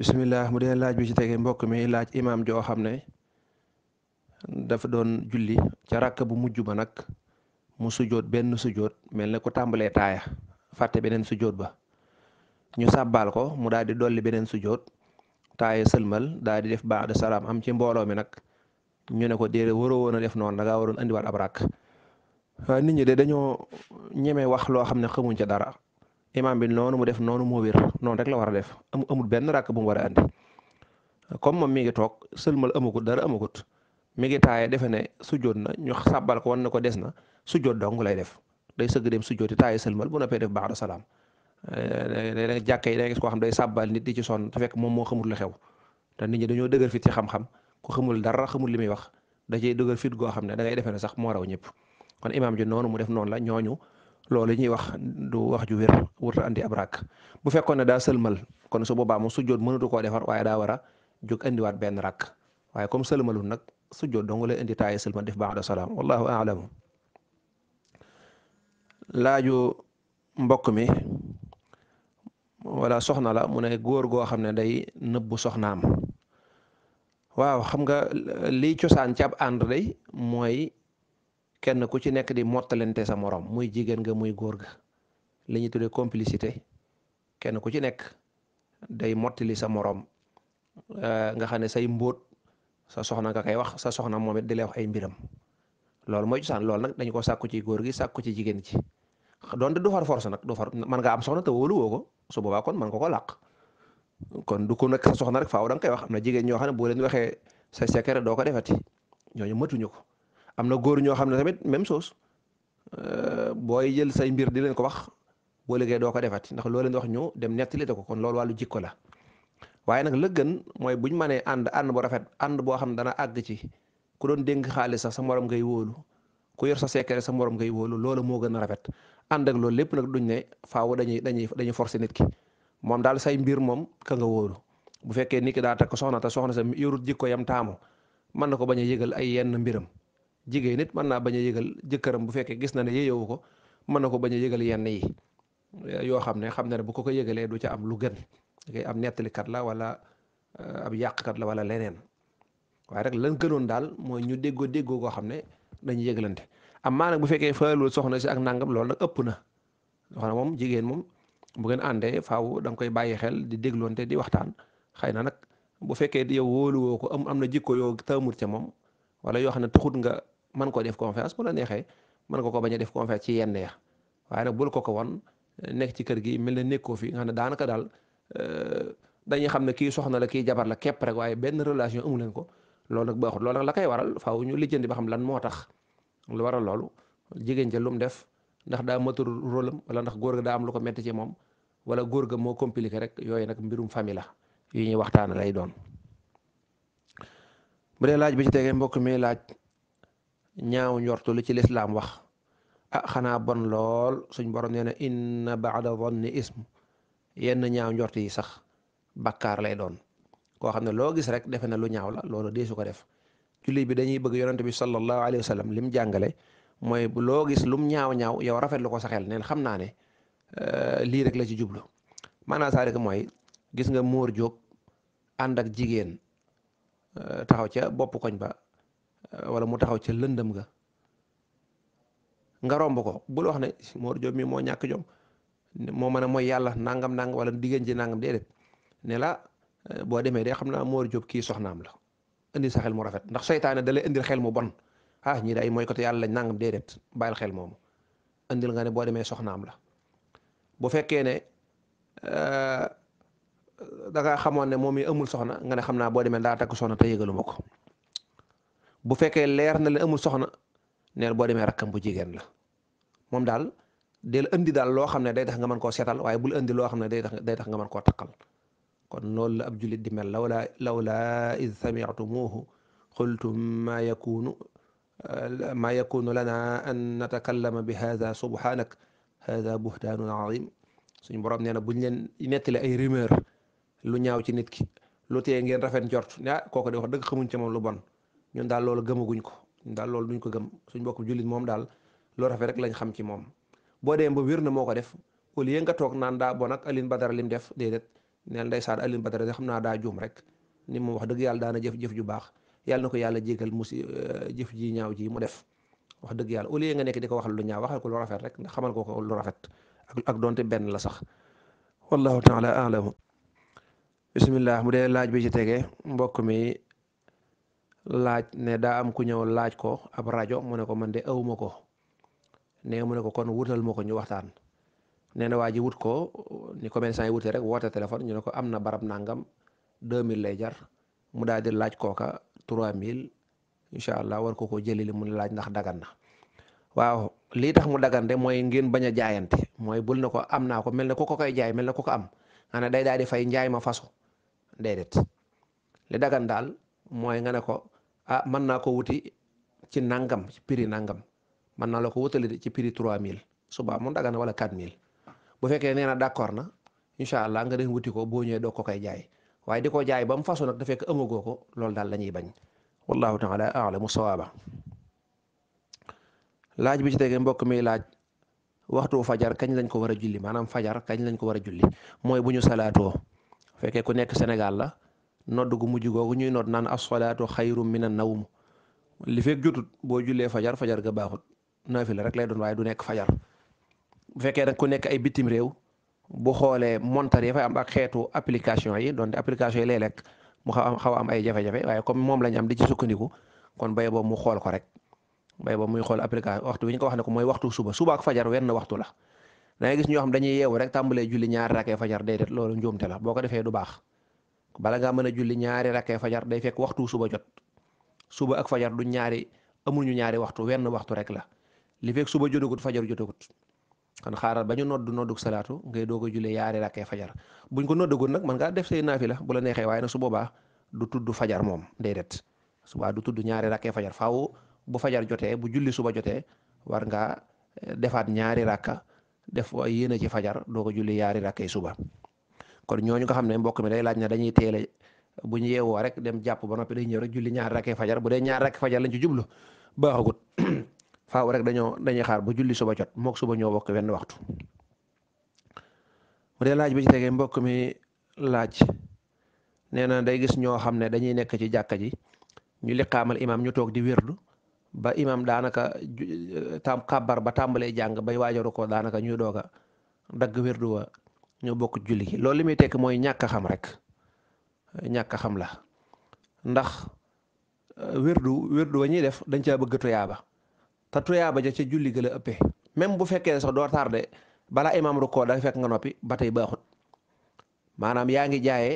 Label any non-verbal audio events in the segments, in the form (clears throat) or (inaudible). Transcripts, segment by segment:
bisimilah mu dee laaj bi ci tegee mbokk mi laaj imaam joo xam ne dafa doon julli ca rakk bu mujj ba nag mu sujoot benn sujoot mel ne ku tàmbalee taaya fàtte beneen sujoot ba ñu sàbbaal ko mu daal di dolli beneen sujoot taaya sëlmal daal di def baax de salaam am ci mbooloo mi nag ñu ne ko déedéet waroo woon a def noonu da ngaa waroon andiwaat ab rakk nit ñi de dañoo ñeme wax loo xam ne xamuñ ca dara imam bi noonu mu def noonu moo wér noonu rek la war a def amu amul benn ràkk bu mu war a andi comme moom mi ngi toog sëlmal amagut dara amagut mi ngi taaye defe ne sujjoot na ñu sabal ko wan na ko des na sujjoot dong lay def day sëgg dem sujjooti taaye sëlmal bu noppee def baax salaam léeg-léeg eh, jàkka yi da ngay gis koo xam day sàbbal nit di ci sonn te fekk moom moo xamul la xew te ñi dañoo dëgër fit ci xam-xam xamul dara xamul li muy wax da cay dëgër fit goo xam ne da ngay ne sax moo raw ñëpp kon imaam ji noonu mu def noonu la ñooñu loolu ñuy wax du wax ju wér wurta andi ab rakk bu fekkoon ne daa sëlmal kon su boobaa mu sujjoot mënatu koo defar waaye daa war a jóg indiwaat benn rakk waaye comme sëlmalul nag sujjoot dong lay indi taaye def ba'da salaam wallahu a'lam laaju mbokk mi wala soxna la mu ne góor goo xam ne day nëbbu soxnaam waaw xam nga liy cosaan ci ab ànd day mooy kenn ku ci nekk di mottalante sa moroom muy jigéen nga muy góor ga li ñuy tuddee complicité kenn ku ci nekk day mottali sa morom euh, nga xam ne say mbóot sa soxna nga koy wax sa soxna moom it di lay wax ay mbiram loolu mooy cosaan lool nag dañ ko sàkku ci góor gi sàkku ci jigéen ji doonte du far force nag du far man ngaa am soxna te wóolu woo ko su boobaa kon man ko ko làq kon du ko nag sa soxna rek faaw da koy wax am na jigéen ñoo xam ne boo leen waxee sa secret doo ko defati ñooñu matuñu ko am na góor ñoo xam ne tamit même chose euh, booy jël say mbir di leen ko wax boo liggéey doo ko defati ndax loo leen wax ñu dem nettali ko kon loolu wàllu jikko la waaye nag la gën mooy buñ mënee ànd ànd bu rafet ànd boo xam ne dana àgg ci ku doon dénk xaalis sax sa morom ngay wóolu ku yor sa secret sa morom ngay wóolu loola moo gën rafet ànd loolu lépp nag duñ ne faaw dañuy dañuy dañuy forcer nit ki moom daal say mbir moom ka nga wóolu bu fekkee nit ki daa takk soxna te soxna sa yorut jikko yam taamu mën na ko bañ a yëgal ay yenn mbiram jigéen nit mën naa bañ a yëgal jëkkëram bu fekkee gis na ne yeewu ko mën na ko bañ a yëgal yenn yi eh, yoo xam ne xam na ne bu ko ko yëgalee du ca am lu gën am nettalikat la wala eh, yàqkat la wala leneen waaye rek lan gënoon daal mooy ñu déggoo déggoo koo xam ne dañuy yëgalante am maa bu fekkee faalul soxna si ak nangam loolu nag ëpp na soxna moom jigéen moom bu ngeen àndee faaw da koy bàyyi xel di dégloonte di waxtaan xëy na nag bu fekkee yow wóolu ko am am na jikko yoo taamut ca moom wala yoo xam ne taxut nga mën koo def confiance bu la neexee mën ko ko bañ def confiance ci yenn ya waaye nag bul ko ko won nekk ci kër gi mel ne nekkoo fi nga xam ne daanaka daal euh, dañuy xam ne kii soxna la kii jabar la képp rek waaye benn relation amu leen ko loolu nag baaxul loolu nag la koy waral faaw ñu lijjanti ba xam lan moo tax lu waral loolu jigéen ja lu mu def ndax daa matul rôle am wala ndax góor ga daa am lu ko metti ci moom wala góor ga moo compliqué rek yooyu nag mbirum famille la ñuy waxtaan lay doon ñaaw njortu lu ci lislaam wax a ah, xanaa bon lool suñ borom nee na inna baada dhanni ism yenn ñaaw njort yi sax bakkaar lay doon koo xam ne loo gis rek defe na lu ñaaw la loolu deesu ko def julli bi dañuy bëgg yonente bi sallallahu alayhi wa sallam lim jàngale mooy loo gis lum ñaaw ñaaw yow rafet lu ko sa xel neen xam naa ne euh, lii rek la ci jublu maanaam saa mooy gis nga móor jóg ànd ak jigéen euh, taxaw ca bopp koñ ba wala mu taxaw ca lëndam ga nga romb ko bul wax ne Mor Diop mi moo ñàkk jom moo mën a mooy yàlla nangam nangam wala diggéen ji nangam déedéet ne la eh, boo demee de xam naa Mor Diop kii soxnaam la indi sa mu rafet ndax seytaane da lay xel mu bon ah ñii day mooy yàlla lañ nangam déedéet bàyyil xel moomu indil nga ne boo demee soxnaam la bu fekkee ne eh, da nga xamoon ne moom yi amul soxna nga ne xam naa boo demee daa takk soxna te yëgaluma ko bu fekkee leer na la amul soxna neel boo demee am bu jigéen la moom daal del indi daal loo xam ne day tax nga mën koo seetal waaye bul indi loo xam ne day tax day tax nga mën koo taqal kon loolu la ab jullit di mel lawla lawla id samictumuuhu qultum maa yakunu maa yakunu lana an natakallama bi hada subhanak hada buhtaanun azim suñ borom nee na buñ leen nettali ay rumeur lu ñaaw ci nit ki lu tee ngeen rafet njort ah kooku di wax xamuñ ci moom lu bon ñun daal loolu gëmaguñ ko ñun daal loolu duñ ko gëm suñ mbokk jullit moom daal loo rafet rek lañ xam ci moom boo dee ba wér na moo ko def au lieu nga toog naan daa bon ak Alioune Badara lim def déedéet neel ndeysaan Alioune Badara de xam naa daa juum rek ni moom wax dëgg yàlla daana jëf-jëf ju baax yàlla na ko yàlla jégal musi euh, jëf ji ñaaw ji mu def wax dëgg yàlla au lieu nga nekk di ko waxal lu ñaaw wax waxal ko lu rafet rek ndax xamal ko ko lu rafet ak ak benn la sax wallahu taala alamu bismillah mu dee laaj bi ci tegee mbokk mi laaj ne daa am ku ñëw laaj ko ab rajo mu ne ko man de awuma ko ne mu ne ko kon wutal ma ko ñu waxtaan nee na waa ji wut ko ni commerçant yi wutee rek woote téléphone ñu ne ko am na barab nangam 2000 lay jar mu daal di laaj kooka 3000 incha allah war ko ko jëli li mu laaj ndax dagan na waaw lii tax mu dagan de mooy ngeen bañ a jaayante mooy bul na ko am naa ko mel ne ku ko koy jaay mel ne ku ko am xanaa day daal di fay njaay ma fasu déedéet li mooy nga ne ko ah mën naa ko wuti ci nangam ci prix nangam mën naa la ko wutali ci prix 3000 suba mun daga na wala mille bu fekkee nee na d'accord na incha allah nga dem wuti ko boo ñëwee doo ko koy jaay waaye di ko jaay ba mu façon nag dafekk ëmmagoo ko loolu daal la ñuy bañ wallahu taala mu sawaaba laaj bi ci tege mbokk mi laaj waxtu fajar kañ lañ ko war a julli maanaam fajar kañ lañ ko war a julli mooy bu ñu salaatoo fekkee ku nekk Sénégal la nodd gu mujj googu ñuy noot naan asalaatu xayru mina nawm li fekk jotut boo julee fajar fajar ga baaxut naafila rek lay doon waaye du nekk fajar bu fekkee nag ku nekk ay bitim réew bu xoolee montar yi fa am xeetu application yi donte application yi lay lekk mu xaw a a ay jafe-jafe waaye comme moom lañ am di ci sukkandiku kon bay boobu mu xool ko rek bay boobu muy xool application waxtu bi ñu ko wax ne ko mooy waxtu suba suba ak fajar wenn waxtu la da ngay gis ñoo xam dañuy yeewu rek tàmbalee julli ñaar rakkee fajar déedéet loolu njuumte la boo ko defee du baax bala ngaa mën a julli ñaari rakkay fajar day fekk waxtu suba jot suba ak fajar du ñaari amuñu ñaari waxtu wenn waxtu rek la li fekk suba jotagut fajar jotagut kon xaaral ba ñu noddu noddug salaatu ngay doog a julli ñaari rakkay fajar buñ ko noddagut nag mën ngaa def say naafila bu la neexee waaye nag su boobaa du tudd fajar moom déedéet subaa du tudd ñaari rakkay fajar faaw bu fajar jotee bu julli suba jotee war ngaa eh, defaat ñaari rakka def yéen a ci fajar doog a julli ñaari rakkay suba kon ñooñu nga xam ne mbokk mi day laaj ne dañuy teele bu ñu yeewoo rek dem jàpp ba noppi day ñëw rek julli ñaar rakkee fajar bu dee ñaar rakkee fajar lañ ci jublu (clears throat) baaxagut (clears throat) faaw rek dañoo dañuy xaar ba julli suba jot mook suba ñoo bokk wenn waxtu bu dee laaj bi ci tegee mbokk mi laaj nee na day gis ñoo xam ne dañuy nekk ci jàkka ji ñu liqaamal imaam ñu toog di wérdu ba imam daanaka tam ba tàmbalee jàng bay waajaru ko daanaka ñuy doog dagg wérdu ñoo bokk julli gi loolu li muy tekk mooy ñàkk a xam rek ñàkk a xam la ndax euh, wérdu wérdu wa ñuy def dañ caa bëgg tuyaaba te tuyaaba ja ca julli ga la ëppee même bu fekkee sax doo tardé balaa imaam rukkoo da fekk nga noppi ba tey baaxut maanaam yaa ngi jaaye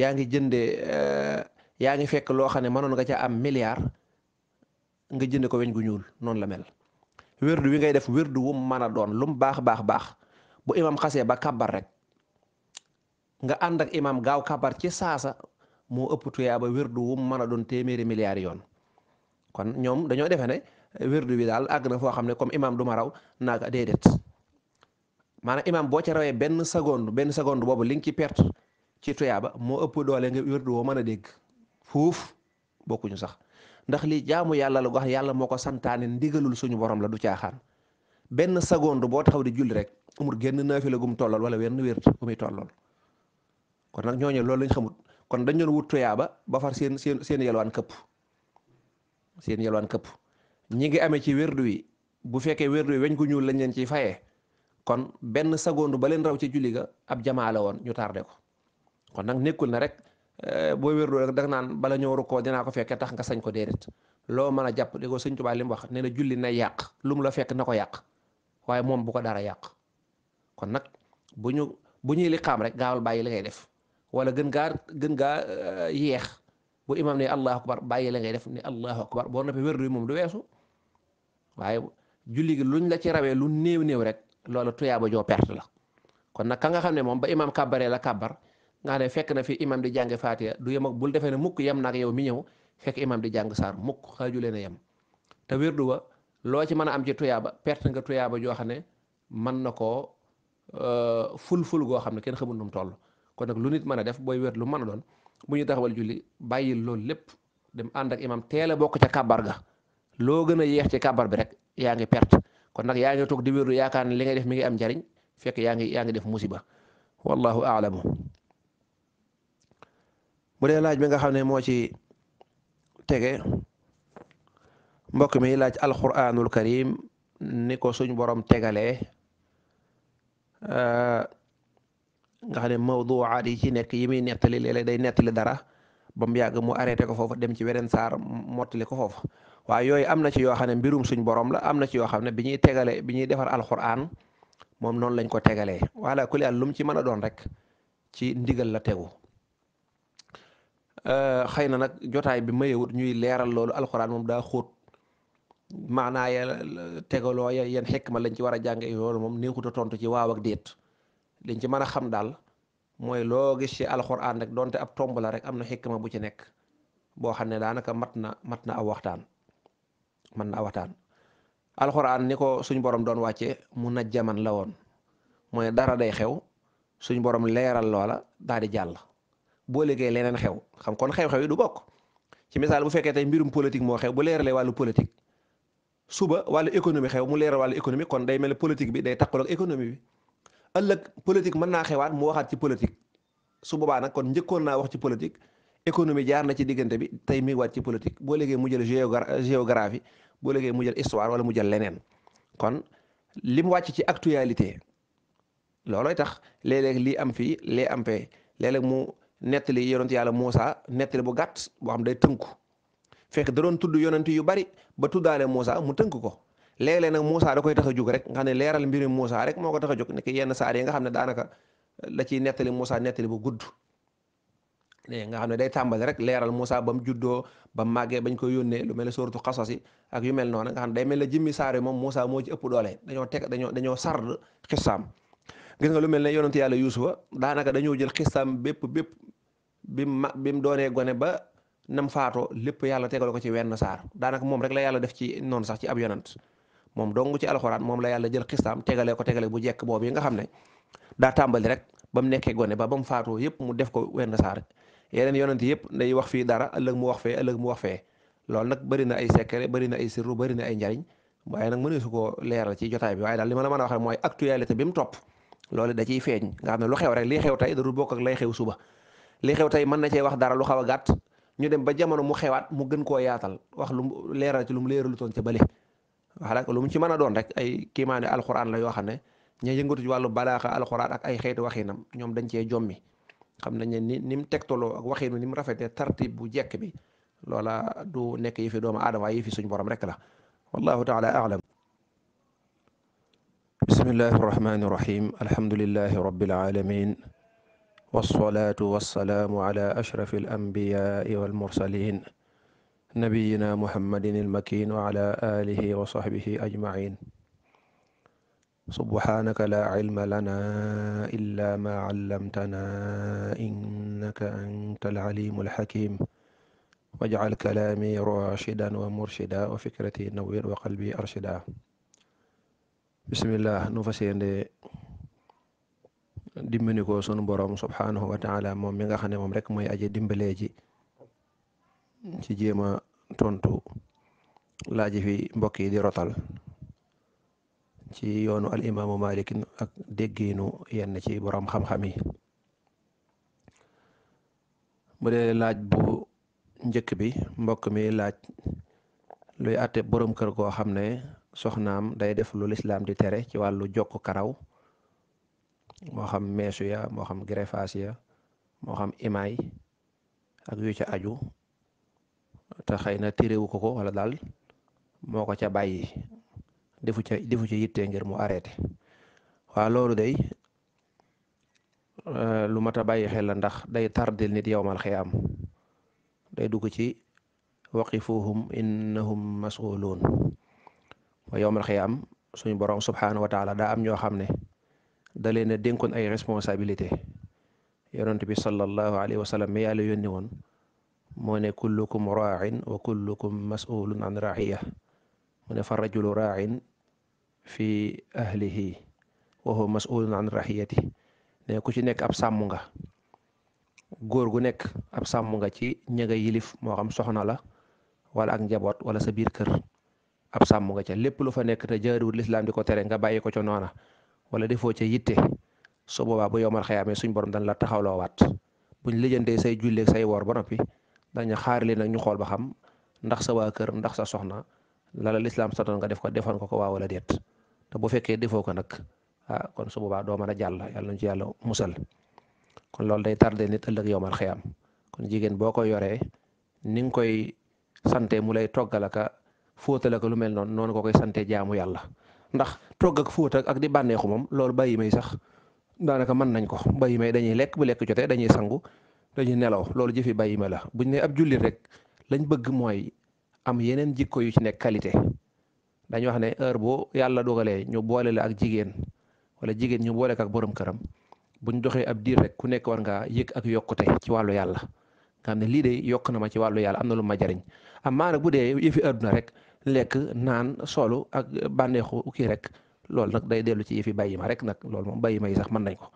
yaa ngi jënde euh, yaa ngi fekk loo xam ne mënoon nga ca am milliard nga jënd ko weñ gu ñuul noonu la mel wérdu wi ngay def wérdu wum mën a doon lum baax baax baax bu imam xasee ba kabar rek nga ànd imam gaaw kabar ci saasa moo ëpp tuyaa ba wérdu wum mën a doon téeméeri milliards yoon kon ñoom dañoo defee ne wérdu bi daal àgg na foo xam ne comme imam du ma raw naaga déedéet maanaam imam boo ca rawee benn seconde benn seconde boobu li nga ci perte ci tuyaaba moo ëpp doole nga wérdu woo mën a dégg fuuf bokkuñu sax ndax li jaamu yàlla la wax yàlla moo ko santaane ndigalul suñu borom la du caaxaan benn seconde boo taxaw di julli rek amul génn naafila gum tollool wala wenn wér bu muy tollool kon nag ñooñu loolu lañ xamut kon dañ doon wut tuyaaba ba far seen seen seen yelwaan këpp seen yelwaan këpp ñi ngi amee ci wérdu wi bu fekkee wérdu wi weñ ku ñuul lañ leen ciy fayee kon benn seconde ba leen raw ci julli ga ab jamaa la woon ñu tardé ko kon nag nekkul na rek euh, boo wérdu rek da naan bala ñëw rukkoo dinaa ko fekkee tax nga sañ ko déedéet loo mën a jàpp di ko sëñ Tuubaa li mu wax nee julli na yàq lu mu la fekk na ko yàq waaye moom bu ko dara yàq kon nag bu ñu bu ñuy liqaam rek gaawal bàyyi la ngay def wala gën gaa gën gaa euh, yeex bu imam ne allahu akbar bàyyi la ngay def ne allahu akbar boo noppee wér yi moom du weesu waaye julli luñ la ci rawee lu néew néew rek loolu tuyaaba joo perte la kon nag ka nga xam ne moom ba imam kàbbaree la kàbbar nga ne fekk na fi imam di jàng faatiya du yem bul defee ne mukk yem nag yow mi ñëw fekk imam di jàng saar mukk xaaju leen a yem loo ci mën a am ci tuyaaba perte nga tuyaaba joo xam ne mën na ko euh, ful ful goo xam ne kenn xamul nu mu toll kon nag lu nit mën a def booy wér lu mën a doon bu ñu taxawal julli bàyyil loolu lépp dem ànd ak imam teel a bokk ca kabar ga loo gën a yéex ci kàbbar bi rek yaa ngi pert kon nag yaa ngi toog di wéru yaakaar ne li ngay def mi ngi am njariñ fekk yaa ngi yaa ngi def musiba wallahu aalamu bu dee laaj bi nga xam ne moo ci tege mbokk mi laaj alquranul karim ni ko suñ boroom tegalee euh, nga xam ne mawduwaat yi ci nekk yi muy nettali léeg day nettali dara ba mu yàgg mu arrêté ko foofu dem ci weneen saar mottali ko foofu waaye yooyu am na ci yoo xam ne mbirum suñ borom la am na ci yoo xam ne bi ñuy tegale bi ñuy defar alquran moom noonu lañ ko tegalee wala kuli al lum ci mën a doon rek ci ndigal la tegu euh, xëy na nag jotaay bi mayewut ñuy leeral loolu alquran moom daal xóot maanaa ya tegaloo ya yeen xikma lañ ci war a jàng loolu moom neexut a tontu ci waawak dét lañ ci mën a xam daal mooy loo gis ci alxuraan rek donte ab tomb la rek am na xikma bu ci nekk boo xam ne daanaka mat na mat na aw waxtaan mat na aw waxtaan alxuraan ni ko suñ borom doon wàcce mu jaman la woon mooy dara day xew suñ borom leeral loola daal di jàll boo liggéey leneen xew xam kon xew-xew yi du bokk ci misaal bu fekkee tey mbirum politique moo xew bu leeralee wàllu politique suba wàllu économie xew mu leeral wàllu économie kon day mel ne politique bi day taqaloo ak économie bi ëllëg politique mën naa xewaat mu waxaat ci politique su boobaa nag kon njëkkoon naa wax ci politique économie jaar na ci diggante bi tey mi waat ci politique boo léegee mu jël boo léegee mu jël histoire wala mu jël leneen kon li mu wàcc ci actualité loolooy tax léeg-léeg lii am fii lee am fee léeg-léeg mu nettali yonent yàlla Moussa nettali bu gàtt boo xam day tënku fekk da doon tudd yonent yu bari ba tuddaale Moussa mu tënk ko léeg nag Moussa da koy tax a jóg rek nga xam ne leeral mbiri Moussa rek moo ko tax a jóg nekk yenn saar yi ne daanaka la ciy nettali Moussa nettali bu gudd nga xam ne day tàmbali rek leeral Moussa ba mu juddoo ba mu màggee bañ koy yónnee lu mel ne sóoratu xasas yi ak yu mel noonu nga xam ne day mel ne jëmmi saar moom Moussa moo ci doole dañoo teg dañoo dañoo sard xistaam gis nga lu mel ne yonent yàlla Yuusufa daanaka dañoo jël xistaam bépp bépp bi mu ma bi mu doonee gone ba nam faatoo lépp yàlla tegal ko ci wenn saar daanaka moom rek la yàlla def ci noonu sax ci ab yonant moom dong ci alxuraan moom la yàlla jël xistaam tegalee ko tegalee bu jekk boobu yi nga xam ne daa tàmbali rek ba mu nekkee gone ba ba mu faatoo yëpp mu def ko wenn saar yeneen yonant yëpp day wax fii dara ëllëg mu wax fee ëllëg mu wax fee loolu nag bëri na ay secret bëri na ay sirru bëri na ay njariñ waaye nag mëneesu koo leeral ci jotaay bi waaye daal li ma la mën a wax rek mooy actualité bi mu topp loolu da ciy feeñ nga xam ne lu xew xew tey da du lay xew suba wax dara lu xaw a gàtt ñu dem ba jamono mu xewaat mu gën koo yaatal wax lu mu leeral ci lu mu leeralu toon ca bële wax rek lu mu ci mën a doon rek ay kiimaane alxuraan la yoo xam ne ña yëngatu ci wàllu balaaxa alxuraan ak ay xeeti waxinam ñoom dañ cee jommi xam nañ ne ni ni mu tegtaloo ak waxinu ni mu rafetee tartib bu jekk bi loola du nekk yi fi doomu aadama yi fi suñ borom rek la wallahu taala alam bismillahi arrahmani wasalaatu wasalaamu ala ashrafi alambiyaai walmursalin nabiyina muhammadin almakin wa ala alihi wa sahbihi ajmain subhanaka la cilma lana illa ma callamtana innaka anta alcalimu alxakim wajcal kalaami rashidan wa murshida wa fikrati nawir wa qalbi arshida bismillah nu fasiende dimbali ko sunu borom subhanahu wa taala moom mi nga xam ne moom rek mooy aje dimbalee ji ci jéem a tontu laaji fi mbokk yi di rotal ci yoonu al imaamu Malik ak déggiinu yenn ci boroom xam-xam yi bu laaj bu njëkk bi mbokk mi laaj luy àtte boroom kër goo xam ne soxnaam day def lu lislaam di tere ci wàllu jokk karaw. moo xam meesu ya moo xam greffage ya moo xam imaay ak yu ca aju te xëy na téréwu ko ko wala daal moo ko ca bàyyi defu ca defu ca yitte ngir mu arrêté waaw loolu day euh, lu mat a bàyyi xel la ndax day tardil nit yowmal am day dugg ci waqifuhum innahum mas'uluun wa yowmal xiyaam suñu borom subhaanahu wa taala daa am ñoo xam ne da leen a dénkoon ay responsabilité yonent bi sallallahu alayhi wa sallam mi yàlla yónni woon moo ne kullukum raain wa kullukum masulun an raiya mu ne fa rajulu raain fi ahlihi wa huwa an raiyati ne ku ci nekk ab sàmm nga góor gu nekk ab sàmm nga ci ña nga yilif moo xam soxna la wala ak njaboot wala sa biir kër ab sàmm nga ca lépp lu fa nekk te jaaduwul lislaam di ko tere nga bàyyi ko ca noona wala defoo ca yitte su boobaa bu yowmal xayaamee suñ borom dañ la taxawloo waat buñ lijjantee say julleeg say woor ba noppi dañu xaarale nag ñu xool ba xam ndax sa waa kër ndax sa soxna lala lislaam satoon nga def ko defoon ko ko waa wala déet te bu fekkee defoo ko nag ah kon su boobaa doo mën a jàll yàlla nañ ci yàlla musal kon loolu day tardé nit ëllëg yowmal xayaam kon jigéen boo ko yoree ni nga koy sante mu lay toggal aka fóotal aka lu mel noonu noonu ko koy sante jaamu yàlla ndax togg ak fóot ak di bànneexu moom loolu bàyyi may sax daanaka mën nañ ko bàyyi may dañuy lekk bu lekk jotee dañuy sangu dañuy nelaw loolu jëfi bàyyi ma la buñ ne ab jullit rek lañ bëgg mooy am yeneen jikko yu ci nekk qualité dañ wax ne heure boo yàlla dogalee ñu boole la ak jigéen wala jigéen ñu boole ko ak borom këram buñ doxee ab diir rek ku nekk war ngaa yëg ak yokkute ci wàllu yàlla nga ne lii de yokk na ma ci wàllu yàlla am na lu ma jariñ am maa rek lekk naan solu ak bànneexu kii rek loolu nag day dellu ci yëfi bàyyi ma rek nag loolu moom bàyyi sax man nañ ko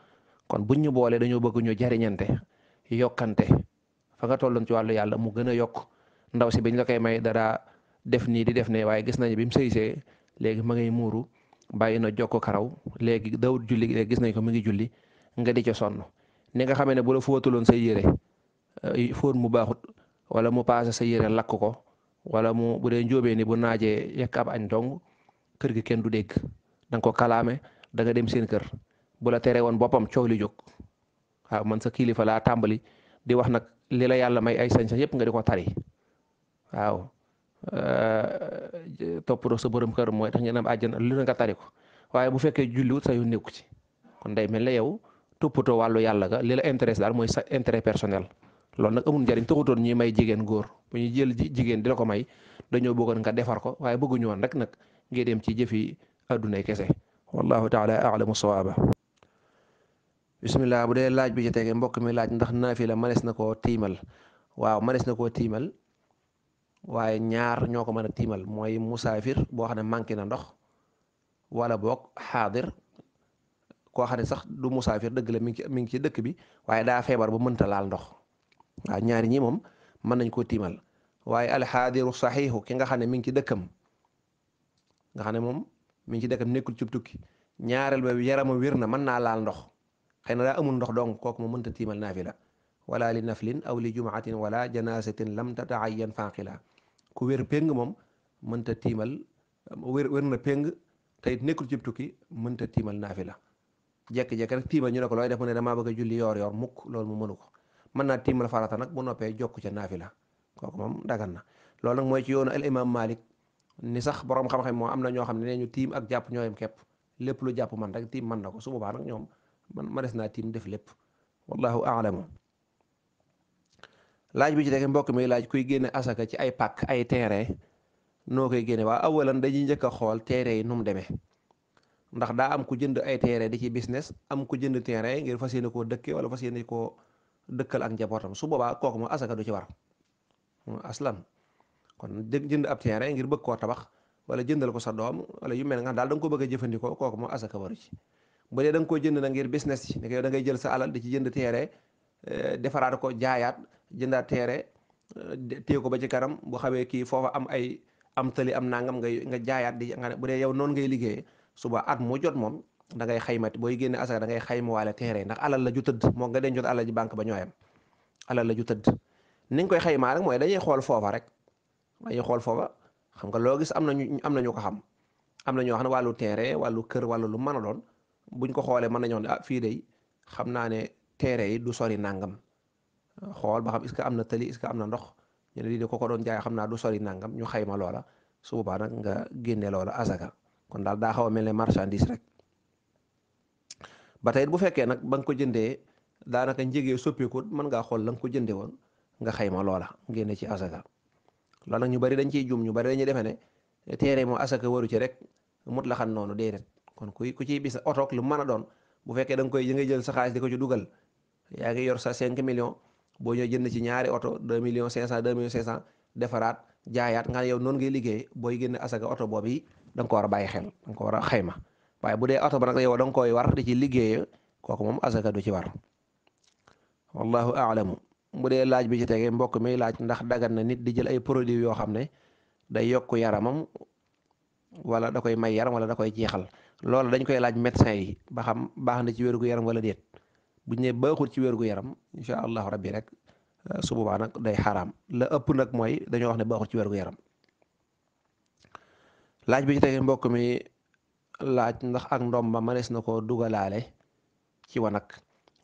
kon buñ ñu boolee dañoo bëgg ñu jariñante yokkante fa tolloon ci wàllu yàlla mu gën a yokk ndaw si biñ la koy may dara def nii di def ne waaye gis nañu bi mu sëysee léegi ma ngay muuru bàyyi na jokk karaw léegi dawut julli léegi gis nañ ko mu ngi julli nga di ca sonn ni nga xamee ne bu la fóotaloon sa yére euh, fóot mu baaxut wala mu paase sa yére lakk ko wala mu bu dee njóobee ni bu naajee yekk ab añ dong kër gi kenn du dégg danga ko kalaame danga dem seen kër bu la tere woon boppam coow li jóg waaw man sa kilifa laa tàmbali di wax nag li la yàlla may ay sañ-sañ yëpp nga di ko tari waaw toppatoo sa borom kër mooy tax ngeen am àjjana lu na nga tari ko waaye bu fekkee julliwut sa yu nekku ci kon day mel ne yow toppatoo wàllu yàlla ga li la daal mooy sa intérêt personnel loolu nag amul njariñ taxutoon ñi may jigéen góor bu ñu jël jigéen di la ko may dañoo bëggoon nga defar ko waaye bëgguñu woon rek nag ngay dem ci jëfi addunay kese wallahu taala alamu sawaaba bisimilah bu dee laaj bi ci tege mbokk mi laaj ndax naafila manes na koo tiimal waaw manes na koo tiimal waaye ñaar ñoo ko mën a tiimal mooy musaafir boo xam ne manqué na ndox wala boog xaadir koo xam ne sax du musaafir dëgg la mi ngi mi ngi ci dëkk bi waaye daa feebar bu mënta laal ndox waaw ñaari ñi moom mën nañ koo tiimal waaye alxaadiru saxiixu ki nga xam ne mi ngi ci dëkkam nga xam ne moom mi ngi ci dëkkam nekkul cib tukki ñaareel ba yarama wér na mën naa laal ndox xëy na daa amul ndox dong kooku moom mënta tiimal naafila wala li naflin aw li jumaatin wala janasatin lam tataayan fanqila ku wér péng moom mënta tiimal wér wér na péng te nekkul ci tukki mënta tiimal naafila jekk-jekk rek tiimal ñu ne ko looy def mu ne damaa bëgg a julli yoor yoor mukk loolu mu mënu ko mën naa la farata nag bu noppee jokk ca naafila kooku moom dagan na loolu nag mooy ci yoonu al imam malik ni sax boroom xam-xam moo am na ñoo xam ne nee ñu tiim ak jàpp ñooyam képp lépp lu jàpp man rek tiim man na ko su boobaa nag ñoom man ma des naa tiim def lépp wallahu alamu ci rek mbokk mi laaj kuy génne asaka ci ay pàkk ay terrain noo koy génne waa awalan dañuy njëkk a xool terrain yi nu mu demee ndax daa am ku jënd ay terrain di ci business am ku jënd terrain ngir fas yéene koo dëkke wala fas yéene koo dëkkal ak njabootam su boobaa kooku moom asaka du ci war aslan kon jënd ab terrain ngir bëgg koo tabax wala jëndal ko sa doom wala yu mel nga daal da nga ko bëgg a jëfandikoo kooku moom asaka waru ci bu dee da nga jënd na ngir business yi ne yow da ngay jël sa alal di ci jënd terrain eh, defaraat ko jaayaat jëndaat terrain eh, téye ko ba ci kanam bu xawee kii foofa am ay am tëli am nangam nga nga jaayaat di nga bu dee yow noonu ngay liggéeyee suba at mu jot moom dangay ngay xaymati booy génne asaka da ngay xaymawaale terrain ndax alal la ju tëdd moo nga dencoon alal ji banque ba ñooyam alal la ju tëdd ni koy xaymaa rek mooy dañuy xool foofa rek dañuy xool foofa xam nga loo gis am nañu am nañu ko xam am na ñoo xam ne wàllu terrain wàllu kër wàllu lu mën a doon buñ ko xoolee mën nañoo ne ah fii de xam naa ne tere yi du sori nangam xool ba xam est-ce am na tëli est-ce am na ndox ñu ne lii de ko ko doon jaay xam naa du sori nangam ñu xayma loola su boobaa nag nga génne loola asaka kon daal daa xaw a mel ne marchandise rek ba tey bu fekkee nag ba nga ko jëndee daanaka njëgee soppeekut mën ngaa xool la nga ko jëndee woon nga xayma loola génne ci asaka loolu nag ñu bari dañ ciy jum ñu bari dañuy defe ne téere moo asaka waru ci rek mut la xan noonu déedéet kon ku ku ciy bis otoog lu mën a doon bu fekkee da nga koy ngay jël sa xaalis di ko ci dugal yaa ngi yor sa 5 millions boo ñëw jënd ci ñaari oto 2 millions 500 2 millions 500 defaraat jaayaat nga yow noonu ngay liggéey booy génne asaka oto boobu yi da ko war a bàyyi xel da ko war a xayma waaye bu dee oto ba nag yow da koy war di ci liggéey kooku moom asaka du ci war wallahu aalamu bu dee laaj bi ci tege mbokk mi laaj ndax dagan na nit di jël ay produit yoo xam ne day yokk yaramam wala da koy may yaram wala da koy jeexal loolu dañ koy laaj médecin yi ba xam baax na ci wérgu yaram wala déet bu ñu ne ci wérgu yaram incha allahu rabbi rek su boobaa nag day xaraam la ëpp nag mooy dañoo wax ne baaxul ci wérgu yaram laaj bi ci tege mbokk mi laaj ndax ak ma mënees na koo dugalaale ci wanag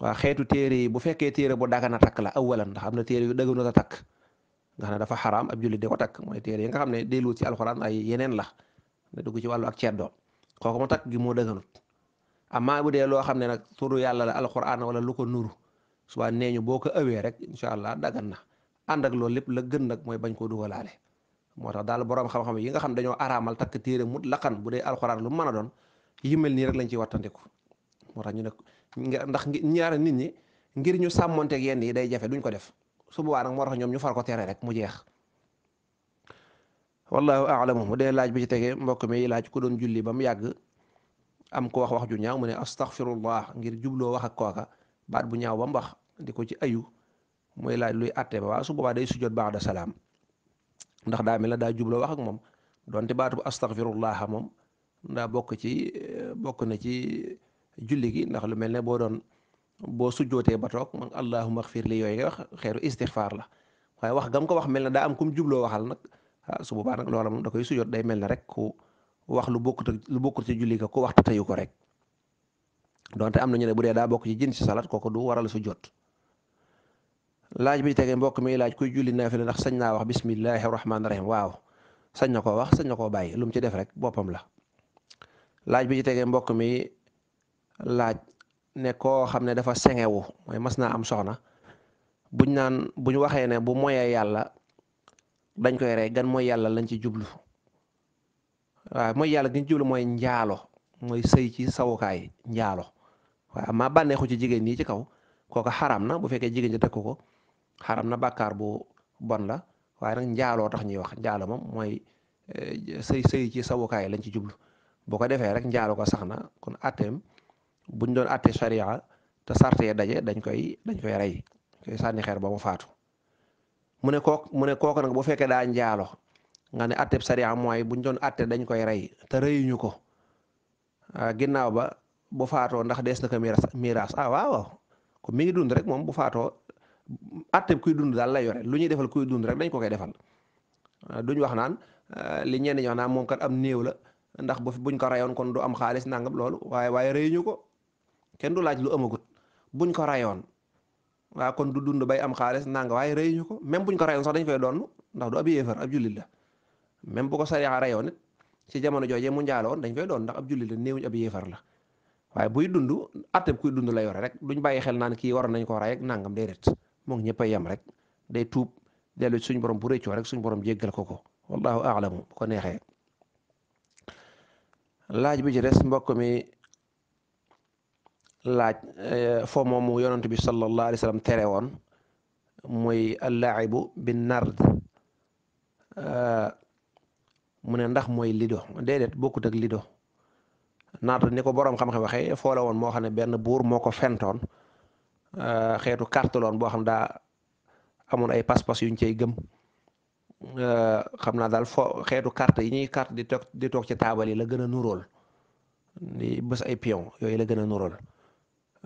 waa xeetu téere yi bu fekkee téere bu dagan a takk la awalan ndax am na téere yu daganut a takk nga xam ne dafa xaraam ab jullit ko takk mooy téere yi nga xam ne delluwut ci alxuraan ay yeneen la da dugg ci wàllu ak doo kooku mu takk gi moo daganut amaa bu dee loo xam ne nag turu yàlla la alxuraan wala lu ko nuru suba nee ñu boo ko ëwee rek incha allah dagan na ànd ak loolu lépp la gën nag mooy bañ koo dugalaale moo tax daal boroom xam-xam yi nga xam dañoo araamal takk téere mu laqan bu dee alxuraan lu mën a doon yu mel nii rek lañ ci wattandiku moo tax ñu ne ndax ñaar nit ñi ngir ñu sàmmonteeg yenn yi day jafe duñ ko def su boobaa nag ñoom ñu far ko tere rek mu jeex wallahu aalamu bu dee laaj bi ci tege mbokk mi laaj ku doon julli ba mu yàgg am ko wax wax ju ñaaw mu ne astaghfirullah ngir jubloo wax ak kooka baat bu ñaaw ba mu wax di ko ci ayu mooy laaj luy àtte ba su boobaa day sujjoot baax da salaam ndax daa mel ne daa jubloo wax ak moom donte baatu bu astaghfirullah moom ndaa bokk ci eh, bokk na ci julli ki ndax lu mel ne boo doon boo sujjootee ba toog man allahumma ighfir li yooyu nga wax xeeru la waaye wax gam ko wax mel ne daa am kum jublo waxal nag ah su boobaa nag loola da koy sujjoot day mel ne rek ku wax lu bokkut lu bokkut ci julli ko wax waxta tayu ko rek donte am na ñu bu dee daa bokk ci jën ci salat kooku du waral sujjoot laaj bi tege mbokk mi laaj kuy julli naafila ndax sañ naa wax bismillahi rahmaani rahim waaw sañ na ko wax sañ na koo bàyyi lu mu ci def rek boppam la laaj bi ci tege mbokk mi laaj ne koo xam ne dafa sengewu mooy mas naa am soxna buñ naan buñ waxee ne bu moyee yàlla dañ koy rey gan mooy yàlla lañ ci jublu waaw mooy yàlla gi ñu jublu mooy njaalo mooy sëy ci sawukaay njaalo waaw maa bànneexu ci jigéen ñi ci kaw kooka xaram na bu fekkee jigéen ñi takku ko xaram na bakkaar bu bon la waaye nag njaaloo tax ñuy wax njaalo moom mooy eh, sëy sëy ci sawukaay lañ ci jublu boo ko defee rek njaalo ko sax na kon atteem buñ doon atte sharia te sartee daje dañ koy dañ koy rey sànni xeer ba faatu mu ne kook mu ne kooku nag bu fekkee daa njaalo nga ne atteb sharia mooy buñ doon atte dañ koy rey te reyuñu ko ah, ginnaaw ba bu faatoo ndax dees na ko miiras miiras ah waaw ko mi rek moom bu faatoo atteb kuy dund daal lay yore lu ñuy defal kuy dund rek dañ ko koy defal ah, duñ wax naan ah, li ñenn ñi wax naan moom kat am néew la ndax bu buñ ko rayoon kon du am xaalis nangam loolu waaye waaye reyuñu ko kenn du laaj lu amagut buñ ko rayoon waaw kon du dund bay am xaalis nanga waaye reyuñu ko même buñ ko rayoon sax dañ koy doon ndax du ab yéefar ab jullit la même bu ko sariya rayoon it ci jamono joojee mu njaaloon dañ koy doon ndax ab jullit la néewuñ ab yéefar la waaye buy dund atteb kuy dund la yore rek duñ bàyyi xel naan kii waroon nañ ko ray ak nangam déedéet moom ñëpp a yem rek day tuub dellu suñ borom bu rëccoo rek suñ borom jéggal ko ko wallahu aalamu bu ko neexee laaj bi ci des mbokk mi laaj eh, foo moomu yonent bi sallallahu alayhi wa sallam tere woon muy allaaxibu bi nard eh, mu ne ndax mooy lido déedéet bokkut ak lido nard ni ko boroom xam-xam waxee foo la woon moo xam ne benn buur moo ko fentoon Euh, xeetu carte loon boo xam daa amoon ay pas-pas yuñ cay gëm euh, xam naa daal fo xeetu kart yi ñuy carte di toog di toog ci taabal yi la gën a nurool di bés ay pion yooyu la gën a nuróol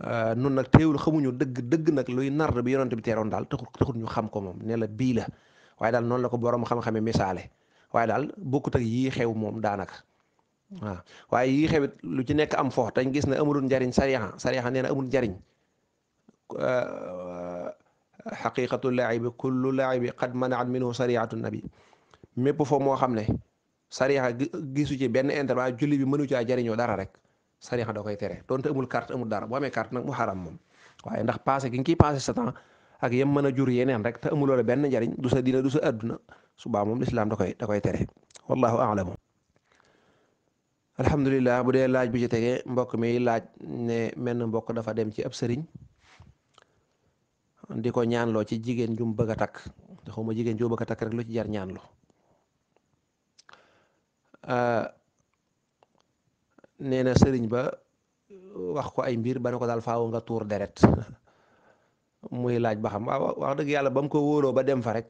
euh, nun nag teewul xamuñu dëgg dëgg nag luy nar bi yonent bi teeroon daal taxut taxut ñu xam ko moom ne la bii la waaye daal noonu la ko borom xam-xame misaale waaye daal bokkut ak yii xew moom daanaka waaw waaye yii xewit lu ci nekk am foox dañ gis ne amulul njariñ sariyaxa sariyaxa nee amul njariñ a xaqiqatu laabi kullu laabi qad manaat minhu sariatu nabi mépp foofu moo xam ne sariha gisu ci benn intervention julli bi mënu caa jariñoo dara rek sariha da koy tere donte amul carte amul dara bu amee carte nag mu xaram moom waaye ndax passé gi nga ciy passé sa temps ak yem mën a jur yeneen rek te amul benn njariñ du sa diina du sa adduna subaa moom lislaam da koy da koy tere wallahu alamu alhamdulilah bu dee laaj bi ci tege mbokk mi laaj ne menn mbokk dafa dem ci ab sëriñ di ko ñaanloo ci jigéen jum bëgg a takk ma jigéen ju bëgg a takk lu ci jar ñaanloo nee na sëriñ ba wax ko ay mbir ba ne ko daal faaw nga tuur deret (laughs) muy laaj ba xam waaw wax dëgg yàlla ba ko wóoloo ba dem fa rek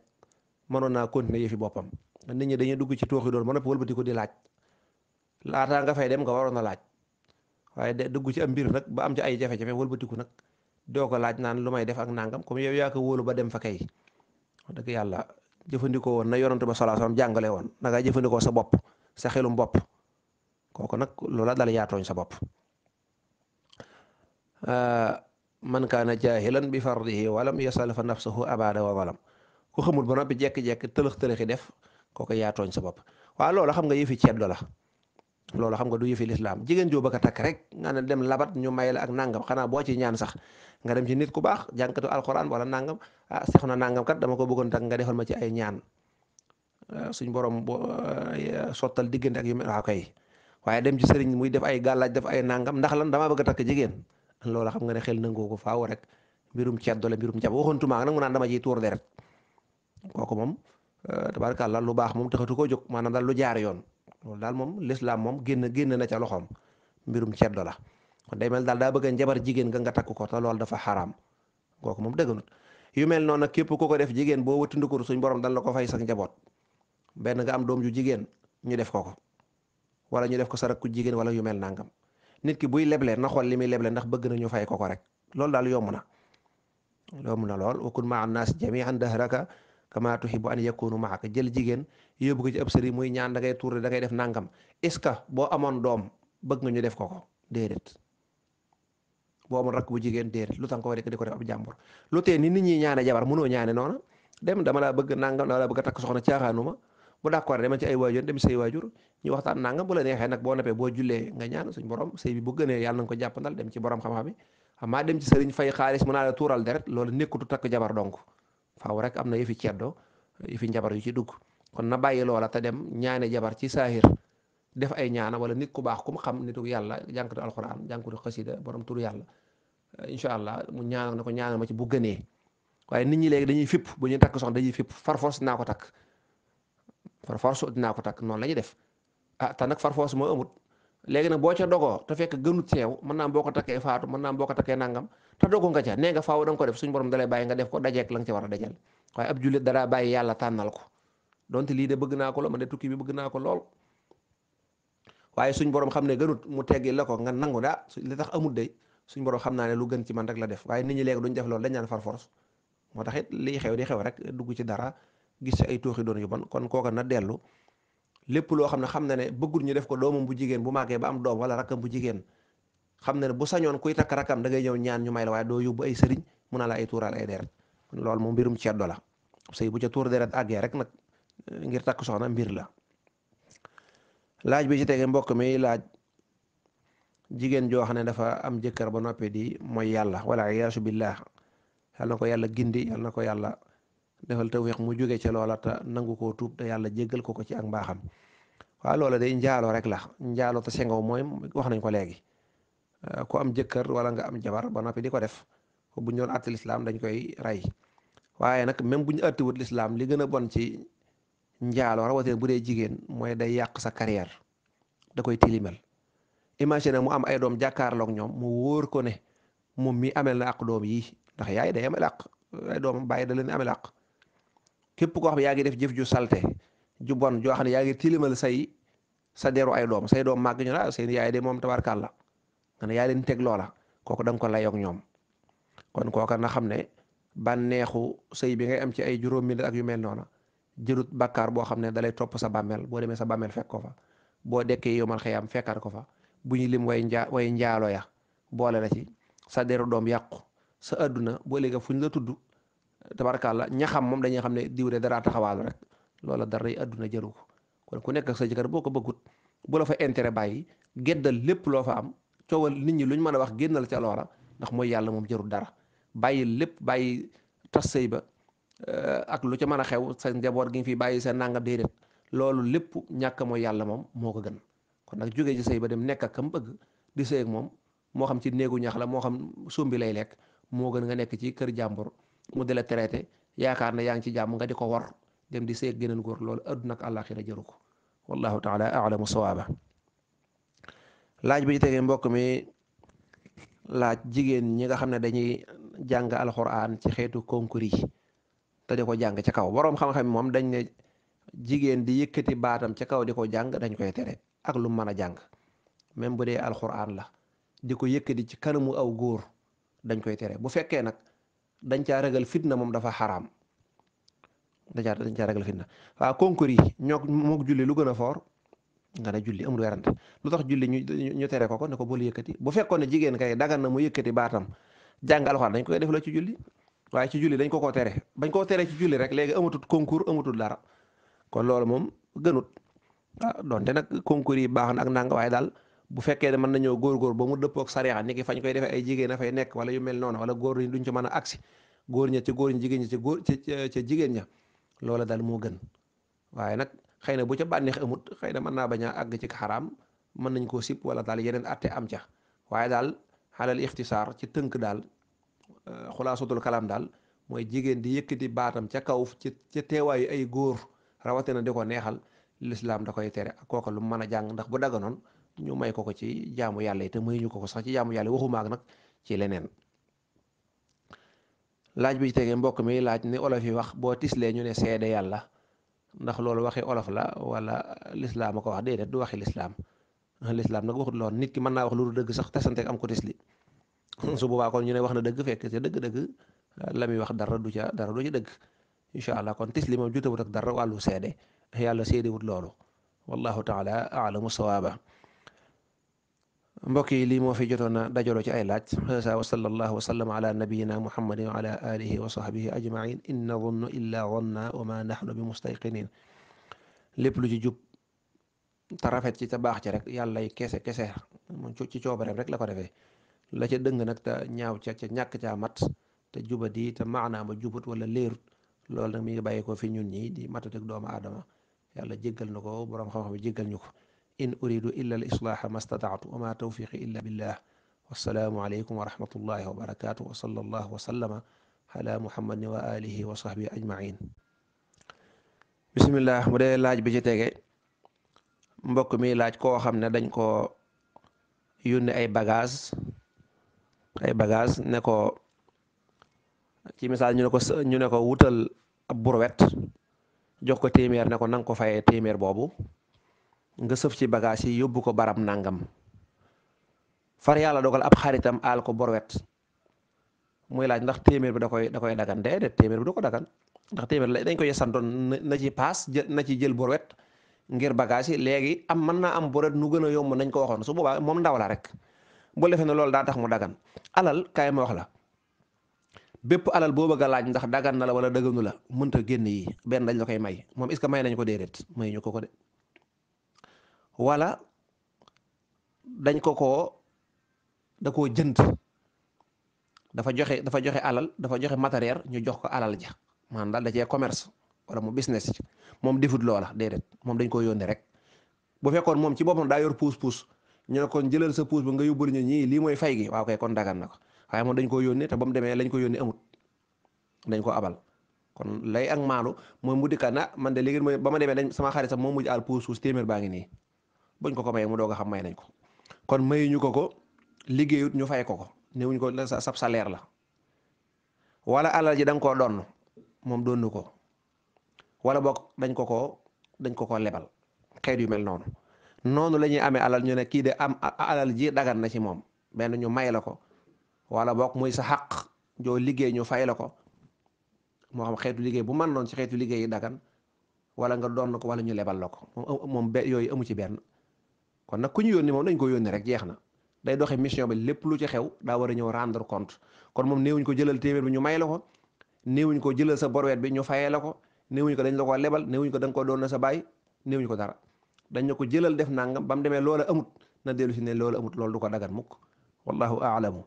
manoon naa continuer yëfi boppam nit ñi dañuy dugg ci tooxi doon ba noppi wëlbati di laaj laataa nga fay dem nga waroon a laaj waaye dugg ci am mbir nag ba am ci ay jafe-jafe wëlbatiku nag doo ko laaj naan lu may def ak nangam comme yow yaa ko wóolu ba dem fa kay dëgg yàlla jëfandikoo woon na yonantu ba sallallahu alayhi wasallam jàngale woon na nga jëfandikoo sa bopp sa xelum bopp kooku nag loola dal yaatooñ sa bopp man kaana jaahilan bi fardihi walam yasal fa nafsuhu abada wa walam ku xamul ba noppi jekki-jekki tëlëx tëlëxi def kooku yaatooñ sa bopp waaw loola xam nga yëfi ceeb la loolu xam nga du yëfi lislaam jigéen joo bëgg a takk rek nga dem labat ñu may la ak nangam xanaa boo ci ñaan sax nga dem ci nit ku baax jànkatu alxuraan wala nangam ah na nangam kat dama ko bëggoon takk nga defal ma ci ay ñaan ah, suñ borom bo eh, sottal diggante ak yu mel waaw dem ci sëriñ muy def ay gàllaaj def ay nangam ndax lan damaa bëgg takk jigéen loola xam nga ne xel nangoo ko faaw rek mbirum ceddo la mbirum jab waxantuma nag mu naan dama ciy tuur deret kooku moom eh, tabaarkàlla lu baax moom taxatu koo jóg maanaam daal lu jaar yoon loolu daal moom l'islam moom génn génn na ca loxoom mbirum ceddo la day mel daal daa bëgg a njabar jigéen nga nga takk ko ta loolu dafa xaraam kooku moom dëgganut yu mel noonu nag képp ku ko def jigéen boo wëttandiku suñ borom dan la ko fay sax njaboot benn nga am doom ju jigéen ñu def ko ko wala ñu def ko sa rakku jigéen wala yu mel nangam nit ki buy leble na xool li muy leble ndax bëgg na ñu fay ko ko rek loolu daal yomb na yomb na lool wa kun kama tuhibbu an yakunu maaka jël jigéen yóbbu ko ci ab sëriñ muy ñaan da tuur da ngay def nangam est-ce que boo amoon doom bëgg nga ñu def ko ko déedéet boo bu jigéen déedéet lu tax nga ko di ko def ab jàmbur lu tee ni nit ñi ñaane jabar mënoo ñaane noona dem dama laa bëgg nangam dama laa bëgg a takk soxna caaxaanuma bu d'accord demal ci ay waajur dem say waxtaan nangam bu la neexee nag boo nappee boo jullee nga ñaan suñ borom sëy bi bu gënee yàlla na nga ko jàppandal dem ci borom xam-xam yi xam maa dem ci sëriñ fay xaalis mu naa la tuural deret loolu faaw rek am na yëfi ceddo yëfi njabar yu ci dugg kon na bàyyi loola te dem ñaane jabar ci saahir def ay ñaana wala nit ku baax ku xam xam nitu yàlla jànkatu alxuraan jànkatu xasida borom turu yàlla incha allah mu ñaanal na ko ñaanal ma ci bu gënee waaye nit ñi léegi dañuy fipp bu ñuy takk soxna dañuy fipp farfoos dinaa ko takk farfoos dinaa ko takk noonu la ñuy def ah, amut léegi nag boo ca dogoo te fekk gënu teew mën naa boo ko takkee faatu mën naa boo ko takkee nangam te dogu nga ca nee nga faaw da ko def suñu borom dalay bàyyi nga def ko dajeek la nga ca war a dajal waaye bàyyi yàlla tànnal ko donte lii de bëgg naa ko la man de tukki bi bëgg naa ko lool waaye suñ borom xam ne gënut mu teggi la ko nga nangu daa li tax amut day suñ borom xam naa ne lu gën ci man rek la def waaye nit ñi léegi duñ def lool dañ naan far force moo tax it liy xew di xew rek dugg ci dara gis ay tooxi doon yu bon kon kooka na dellu lépp loo xam ne xam na ne bëggul ñu def ko doomam bu jigéen bu màggee ba am doom wala rakkam bu jigéen xam na ne bu sañoon kuy takk rakkam da ngay ñëw ñaan ñu may la waaye doo bu ay sëriñ mun naa la ay tuuraal ay deret loolu mu mbirum ceddo la sëy bu ca tuur deret àggee rek nag eh, ngir takk soxna mbir la laaj bi ci tege mbokk mi laaj jigéen joo xam ne dafa am jëkkër ba noppi di mooy yàlla wala iyaasu billah yàlla na ko yàlla gindi yàlla na ko yàlla defal tawfiq mu jóge ca loola te nangu koo tuub te yàlla jéggal ko ko ci ak mbaaxam waaw loola day njaalo rek la njaalo te sengoo mooy wax nañ ko léegi eh, ku am jëkkër wala nga am jabar ba noppi di ko def bu ñoon àtti lislaam dañ koy rey waaye nag même bu ñu àttiwut lislaam li gën a bon ci njaalo rawatina bu dee jigéen mooy day yàq sa carrière da koy tilimal imagine mu am ay doom jàkkaarloog ñoom mu wóor ko ne moom mi amel na ak doom yi ndax yaay day amel ak ay doom da leen amel ak képp koo xam yaa ngi def jëf ju salte ju bon joo xam ne yaa ngi tilimal say sa deru ay doom say doom màgg ñu la seen yaay de moom tabarkaal la nga ne yaa leen teg loola kooku da ko ko layoog ñoom kon kooka na xam ne bànneexu sëy bi ngay am ci ay juróomi ak yu mel noona jërut bàkkaar boo xam ne dalay topp sa bàmmeel boo demee sa bàmmeel fekk ko fa boo dekkee yomal xëyam fekkaat ko fa bu ñu lim way njaa way njaalo ya boole la ci sa deru doom yàqu sa àdduna boo léegi fu ñu la tudd tabarakàlla ña ñaxam moom dañuy xam ne diw de daraa taxawaal rek dara àdduna jëru ko kon ku nekk ak sa jëkkër boo ko bëggut bu fa intérêt bàyyi geddal lépp loo fa am coowal nit ñi lu mën a wax génnal ca loola ndax mooy yàlla moom jërul dara bàyyi lépp bàyyi tas sëy ba eh, ak lu ca mën a xew sa njaboot gi nga fi bàyyi sa nangam déedéet loolu lépp ñàkk mooy yàlla moom moo ko gën kon nag jógee ci sëy ba dem nekk ak kam bëgg di sëy moom moo xam ci néegu ñax la moo xam sumbi lay lekk moo gën nga nekk ci kër jàmbur mu di la traité yaakaar ne yaa ngi ci jàmm nga di ko war dem di seeg geneen góor loolu àdduna ak àllaaxira jëru ko wallahu taala alamu sawaaba laaj bi ci tegee mbokk mi laaj jigéen ñi nga xam ne dañuy jàng alxuraan ci xeetu concours yi te di ko jàng ci kaw boroom xam-xam moom dañ ne jigéen di yëkkati baatam ci kaw di ko jàng dañ koy tere ak lu mën a jàng même bu dee alxuraan la di ko yëkkati ci kanamu aw góor dañ koy tere bu fekkee nag dañ caa ragal fitna moom dafa xaraam dañ caa dañ caa ragal fitna waaw concours yi ñoo mook julli lu gën a foor nga ne julli amul werante lu tax julli ñu ñu tere ko ko ne ko boolu yëkkati bu fekkoon ne jigéen kay dagan na mu yëkkati baatam jàng alxuraan dañ koy def la ci julli waaye ci julli dañ ko koo tere bañ koo teree ci julli rek léegi amatut concours amatut dara kon loolu moom gënut ah donte nag concours yi baax na ak nang waaye daal bu fekkee ne mën nañoo góorgóor ba mu dëppook sariya ni ki fañ koy defee ay jigéen a fay nekk wala yu mel noonu wala góor ñi duñ ci mën a agsi góor ña ci góor ñi jigéen ñi ca jigéen ña loola daal moo gën waaye nag xëy na bu ca bànneex amut xëy na mën naa bañ a àgg ci xaraam mën nañ koo sip wala daal yeneen atte am ca waaye daal xalal ixtisaar ci tënk daal euh, xulaasatul kalaam daal mooy jigéen di di baatam ca kaw ci ca teewaayu ay góor rawatina di ko neexal lislaam da koy tere kooka lu mën a jàng ndax bu daganoon ñu may ko ko ci jaamu yàlla yi te mayuñu ko ko sax ci jaamu yàlla yi waxuma nag ci leneen laaj bi ci mbokk mi laaj ni olof yi wax boo tislee ñu ne seede yàlla ndax loolu waxi olof la wala lislaam a ko wax déedéet du waxi lislaam lislaam nag waxut loon nit ki mën naa wax lu dul dëgg sax tasanteeg am ko tisli hmm. su boobaa kon ñu ne wax na dëgg fekk te dëgg-dëgg la muy wax dara du ca dara du ci dëgg incha allah kon tisli moom jutawut ak dara wàllu seede yàlla seede wut loolu wallahu taala mbokk yi lii moo jotoon na dajaloo ci ay laaj hasa wa sallallahu wa sallam ala nabiyina muhammadin wa ala alihi wa sahbihi ajmain inna dunnu illa dhanna wa ma nahnu bi mustayqinin lépp lu ci jub te rafet ci ta baax ci rek yàllay kese kese ci coobareem rek la ko defee la ca dëng nag te ñaaw ca ca ñàkk caa mat te juba di te maanaa ma jubut wala léerut loolu nag mi ngi bàyyi ko fi ñun ñi di matat ak doomu aadama yàlla jéggal na ko boroom xam-xam bi jéggal ñu ko in uridu illa al islaaha ma stataatu wa ma tawfiqi illa billah wassalaamu aleykum wa rahmatullahi wa barakatuh wa sallallahu ala muhammadin wa alihi wa sahbi ajmain bismillah mu dee laaj bi ci tege mbokk mi laaj koo xam ne dañ ko yónni ay bagaas ay bagage ne ko ci misaal ñu ne ko ñu ne ko wutal ab burwet jox ko téeméer ne ko nanga ko fayee téeméer boobu nga sëf ci bagaas yi yóbbu ko barab nangam far yàlla dogal ab xaritam aal ko borwet muy laaj ndax téeméer bi da koy da koy dagan téeméer bi du ko dagan ndax téeméer dañ ko yesantoon na ci paas na ci jël borwet ngir bagage yi léegi am mën naa am borwet nu gën a yomb nañ ko waxoon su boobaa moom ndaw rek bu defee ne loolu daa tax mu dagan alal kaay ma la bépp alal boo bëgg laaj ndax dagan na la wala daganu la mënta génn yi benn dañ la koy may moom est ce que may nañ ko déedéet may ñu ko ko de wala dañ ko koo da koo jënd dafa joxe dafa joxe alal dafa joxe matériel ñu jox ko alal ja maanaam daal da cee commerce wala mu business ci moom defut loola déedéet moom dañ ko yónnee rek bu fekkoon moom ci boppam daa yor puus-puus ñu ne kon jëlal sa puus ba nga yóbbul ñu lii mooy fay gi kon dagan na ko waaye moom dañ ko yónnee te ba mu demee lañ ko yónnee amut dañ ko abal kon lay ak maalu mooy mu dikka na man de léegi mooy ba ma demee dañ sama xarit sax moo mujj àll puus-puus téeméer baa ngi nii buñ ko ko mayee mu doog a xam may nañ ko kon mayuñu ko ko liggéeyut ñu fay ko ko newuñ ko la sab salaire la wala alal ji da koo donn moom donnu ko wala boog dañ ko koo dañ ko koo lebal xeet yu mel noonu noonu la amee alal ñu ne kii de am alal ji dagan na ci moom benn ñu may la ko wala boog muy sa xaq joo liggéey ñu fay la ko moo xam xeetu liggéey bu man noonu ci xeetu liggéey yi dagan wala nga doon ko wala ñu lebal la ko moom ci benn kon nag ku ñu yónni moom dañ ko yónni rek jeex na day doxe mission bi lépp lu ci xew daa war a ñëw rendre compte kon moom néewuñ ko jëlal téeméer bi ñu may la ko néewuñ ko jëlal sa borweet bi ñu fayee la ko néewuñ ko dañ la ko lebal néewuñ ko da nga ko doon na sa baay néewuñ ko dara dañ na ko jëlal def nangam ba mu demee loola amut na dellu si ne loola amut lool du ko dagan mukk wallahu aalamu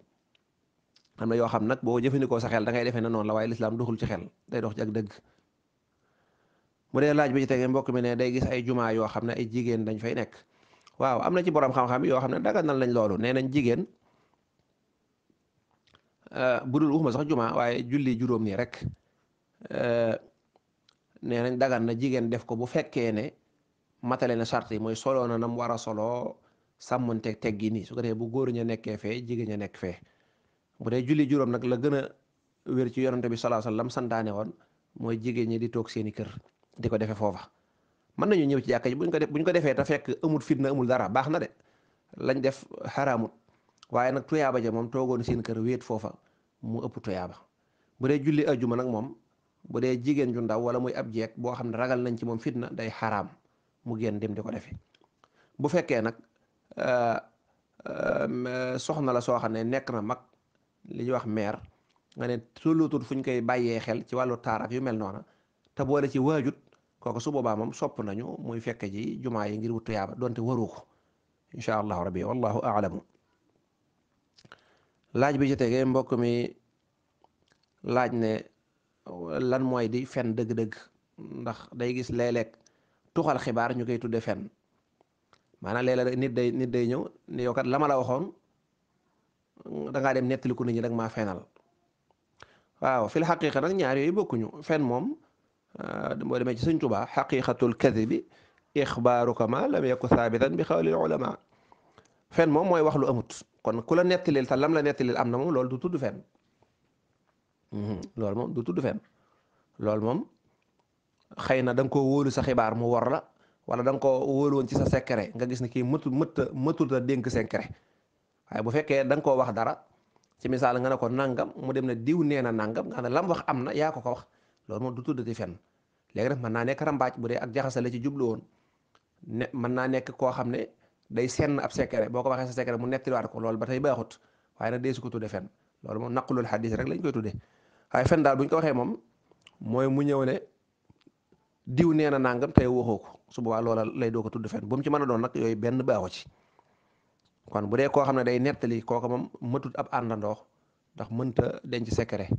am na yoo xam nag boo jëfandikoo sa xel da ngay defee ne noonu la waaye lislaam duxul ci xel day dox ci ak mu dee laaj bi ci mbokk mi ne day gis ay jumaa yoo xam ne ay jigéen dañ fay nekk waaw am na ci borom xam-xam yoo xam ne daganal nañ loolu nee nañ jigéen euh, bu dul waxuma sax juma waaye julli juróom nii rek euh, nee nañ dagan na jigéen def ko bu fekkee ne matale na sart yi mooy soloo na nam war a soloo teg teggi nii su ko defee bu góor ña nekkee fee jigéen ña nekk fee bu dee julli juróom nag la gën a wér ci yonante bi sallallahu alayhi wasallam santaane woon mooy jigéen ñi di toog seeni kër di ko defee foofa mën nañu ñëw ci jàkka ji buñ ko def buñ ko defee te fekk amul fitna amul dara baax na de lañ def xaraamut waaye nag tuyaaba ja moom toogoon seen kër wéet foofa mu ëpp tuyaaba bu dee julli ajuma nag moom bu dee jigéen ju ndaw wala muy ab jeeg boo xam ne ragal nañ ci moom fitna day xaraam mu génn dem di ko defee bu fekkee nag euh, euh, soxna la soo xam ne nekk na mag li ñuy wax meer nga ne tollutul fu ñu koy bàyyee xel ci wàllu taar yu mel noona te boole ci waajut kooku su boobaa moom sopp nañu muy fekke ji jumaa yi ngir wut tuyaaba donte waru ko incha allahu rabbi wallahu aalamu laaj bi ci tegee mbokk mi laaj ne lan mooy di fen dëgg-dëgg ndax day gis léeg-léeg tuxal xibaar ñu koy tudde fen maanaam léeg nit day nit day ñëw ne yow kat la ma la waxoon dangaa dem nettaliku nañu rek dag maa fenal waaw fil xaqiqa nag ñaar yooyu bokkuñu fen moom moo demee ci sëñ Tuubaa xaqiqatul kadibi ixbaaru kama lam yaku saabitan bi xawlil ulama fen moom mooy wax amut kon ku la nettilil te lam la nettilil am na moom loolu du tudd fen loolu moom du tudd fen loolu moom xëy na da ko koo wóolu sa xibaar mu wor la wala da nga koo ci sa secret nga gis na kii mëtu mët mëtul a dénk secret waaye bu fekkee da ko wax dara ci misaal nga ne ko nangam mu dem na diw nee na nangam nga ne lam wax am na yaa ko ko wax loolu moom du tuddati fenn léegi nag mën naa nekk rambaaj bu dee ak jaxasa la ci jublu woon ne mën naa nekk koo xam ne day senn ab secret boo ko waxee sa secret mu nettaliwaat ko loolu ba tey baaxut waaye na dee su ko tudde loolu moom naqulul xadis rek lañ koy tudde waaye fenn daal bu ñu ko waxee moom mooy mu ñëw ne diw nee na nangam tey waxoo ko su boobaa loola lay doo ko tudd fenn bu mu ci mën a doon nag yooyu benn baaxu kon bu dee koo xam ne day nettali kooka moom matut ab àndandoo ndax mënta denc secret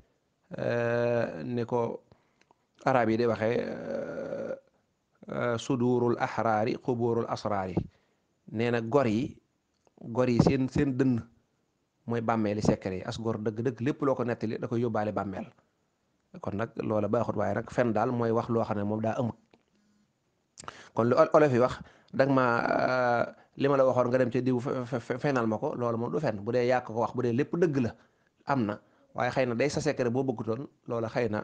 ko arab yi di waxee eh, eh, sudurul ahraari xuburul asraari nee na gor yi gor yi seen seen dënn mooy bàmmeeli secret yi as gor dëgg-dëgg lépp loo ko nettali da koy yóbbaale bàmmeel kon nag loola baaxut waaye nag fen daal mooy wax loo xam ne moom daa amut kon lu olof yi wax dag ma eh, li ma la waxoon nga dem ca diw fenal ma ko loolu moom du fen bu dee yàq ko wax bu dee lépp dëgg la am na waaye xëy na day sa secret boo bëggutoon loola xëy na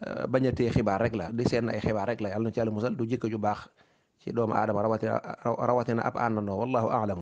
Euh, bañ a téye xibaar rek la di seen ay xibaar rek la yàlla na ci yàlla musal du jikko ju baax ci doomu aadama rawatina rawatina ab àndandoo wallahu aalam